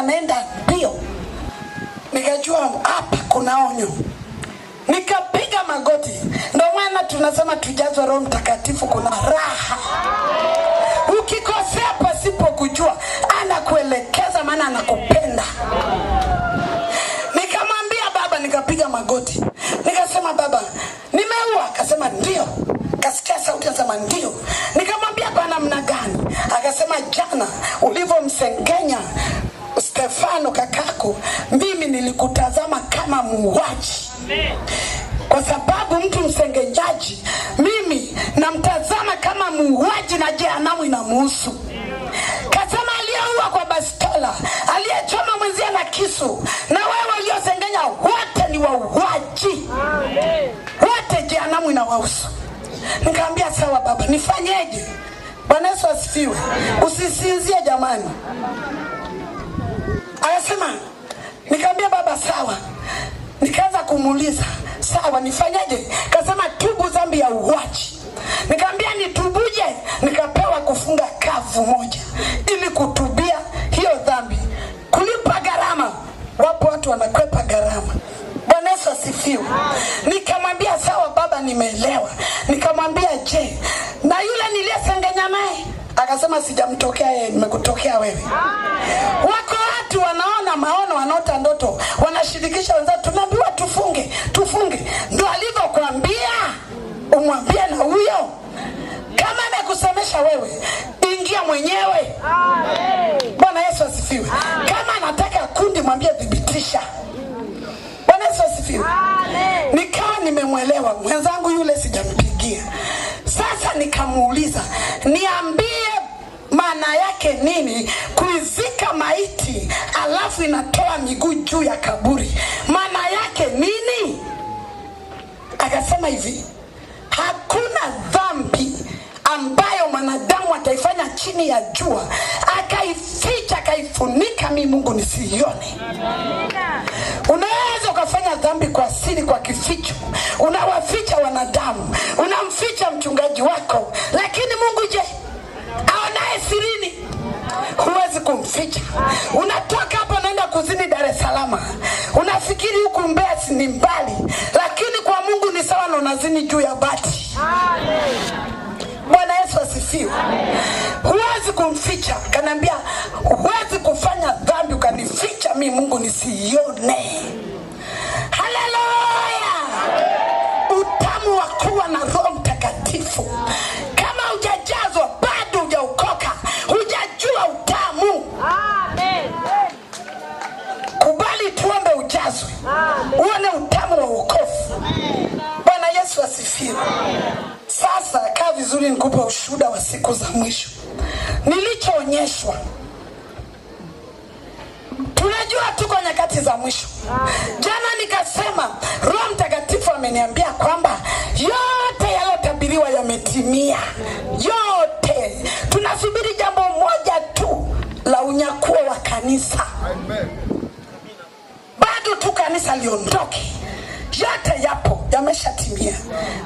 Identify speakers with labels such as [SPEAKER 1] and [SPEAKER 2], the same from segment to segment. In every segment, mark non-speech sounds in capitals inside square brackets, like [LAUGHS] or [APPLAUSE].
[SPEAKER 1] anaenda mbio, nikajua hapa kuna onyo, nikapiga magoti. Ndio maana tunasema tujazwe Roho Mtakatifu, kuna raha. Ukikosea pasipo kujua, anakuelekeza maana anakupenda. Nikamwambia baba, nikapiga magoti, nikasema baba, nimeua. Akasema ndio. Kasikia sauti akasema ndio. Nikamwambia bana, namna gani? Akasema jana ulivyomsengenya kakako, mimi nilikutazama kama muuaji, kwa sababu mtu msengenyaji, mimi namtazama kama muuaji na jehanamu inamuhusu. Kasema aliyeua kwa bastola, aliyechoma mwenzia na kisu, na wewe uliosengenya, wote ni wauaji, wote jehanamu inawahusu. Nikaambia sawa baba, nifanyeje? Bwana Yesu asifiwe. Usisinzie jamani. Anasema nikamwambia baba sawa, nikaanza kumuuliza sawa, nifanyaje? Kasema tubu zambi ya uwachi Nikaambia nitubuje? Nikapewa kufunga kavu moja ili kutubia hiyo dhambi, kulipa gharama. Wapo watu wanakwepa gharama. Bwana Yesu asifiwe. Nikamwambia sawa baba, nimeelewa. Nikamwambia je, na yule niliyesengenya naye? Akasema sijamtokea yeye, nimekutokea wewe. Wako wakati wanaona maono, wanaota ndoto, wanashirikisha wenzao, tunaambiwa tufunge, tufunge. Ndo alivyokuambia umwambie na huyo. Kama amekusemesha wewe, ingia mwenyewe. Bwana Yesu asifiwe. Kama anataka kundi, mwambie thibitisha. Bwana Yesu asifiwe. Nikawa nimemwelewa mwenzangu yule, sijampigia sasa, nikamuuliza niambie maana yake nini alafu inatoa miguu juu ya kaburi. Maana yake nini? Akasema hivi, hakuna dhambi ambayo mwanadamu ataifanya chini ya jua akaificha akaifunika, mi Mungu nisiione. Unaweza ukafanya dhambi kwa siri, kwa kificho, unawaficha wanadamu, unamficha mchungaji wako, lakini Mungu je, aonaye sirini? Huwezi kumficha, unatoka gharama. Unafikiri huku Mbeya ni mbali, lakini kwa Mungu ni sawa na unazini juu ya bati. Bwana Yesu asifiwe. Huwezi kumficha, kanaambia huwezi kufanya dhambi ukanificha mi Mungu nisione Haleluya! Utamu wa kuwa na Roho Mtakatifu uone utamu wa wokovu. Bwana Yesu asifiwe. Sasa kaa vizuri, nikupe ushuhuda wa siku za mwisho nilichoonyeshwa. Tunajua tuko nyakati za mwisho. Jana nikasema Roho Mtakatifu ameniambia kwamba yote yaliyotabiriwa yametimia, yote tunasubiri jambo moja tu la unyakuo wa kanisa. Amen mtu tu kanisa liondoke. Yote yapo yameshatimia.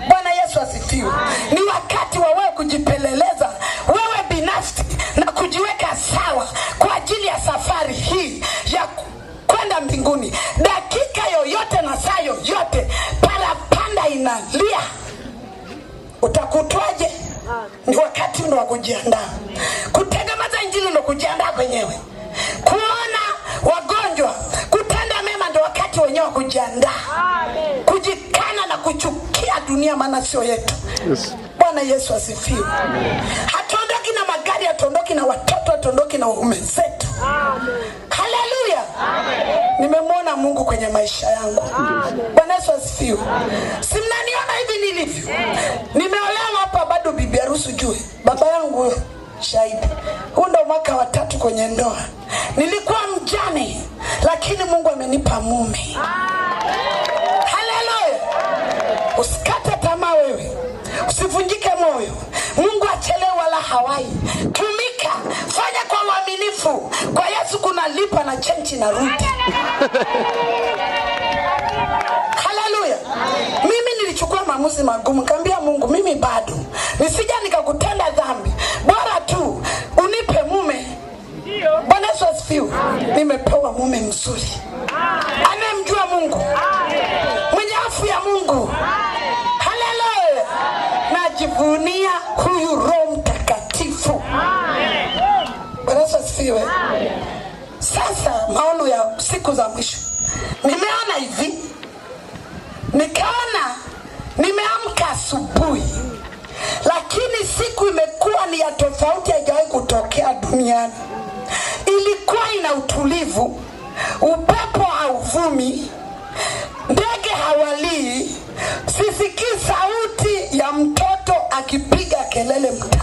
[SPEAKER 1] Bwana Yesu asifiwe. Ni wakati wa wewe kujipeleleza wewe binafsi na kujiweka sawa kwa ajili ya safari hii ya kwenda mbinguni. Dakika yoyote na saa yoyote, parapanda inalia, utakutwaje? Ni wakati ndo wa kujiandaa. kujikana na kuchukia dunia, maana sio yetu. Yes. Bwana Yesu asifiwe. Hatuondoki na magari, hatuondoki na watoto, hatuondoki na waume zetu. Haleluya. Nimemwona Mungu kwenye maisha yangu. Bwana Yesu asifiwe. Si mnaniona hivi nilivyo? Nimeolewa hapa, bado bibi harusi juu. Baba yangu shahidi. Huu ndo mwaka wa tatu kwenye ndoa. Nilikuwa mjane, lakini Mungu amenipa mume. Usikate tamaa wewe, usivunjike moyo. Mungu achelewa wala hawai. Tumika, fanya kwa uaminifu. Kwa Yesu kuna lipa na chenchi na ruti [LAUGHS] Haleluya! Mimi nilichukua maamuzi magumu, kaambia Mungu mimi bado nisija nikakutenda dhambi, bora tu unipe mume. Bwana Yesu asifiwe, nimepewa mume mzuri anayemjua Mungu. kujivunia huyu Roho Mtakatifu. Bwana Sasa maono ya siku za mwisho, nimeona hivi, nikaona nimeamka asubuhi, lakini siku imekuwa ni ya tofauti, haijawahi kutokea duniani. Ilikuwa ina utulivu, upepo hauvumi, ndege hawalii, sisikii sauti ya mto akipiga kelele mta